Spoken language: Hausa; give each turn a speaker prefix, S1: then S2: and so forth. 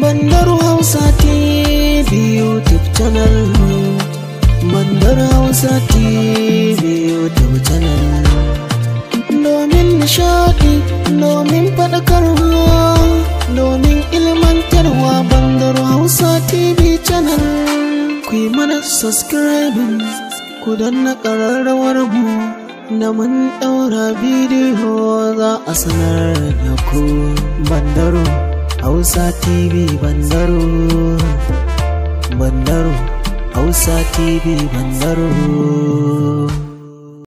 S1: Bandar Hausa TV YouTube channel Bandar Hausa TV YouTube channel Domin nishaɗi, domin faɗakarwa, domin ilmantarwa Bandar Hausa TV channel Ku yi mana subscribing, ku danna ƙararrawar mu da mun ɗaura bidiyo za a sanar da ku Bandar Hausa TV Bandaro
S2: Bandaro Hausa TV Bandaro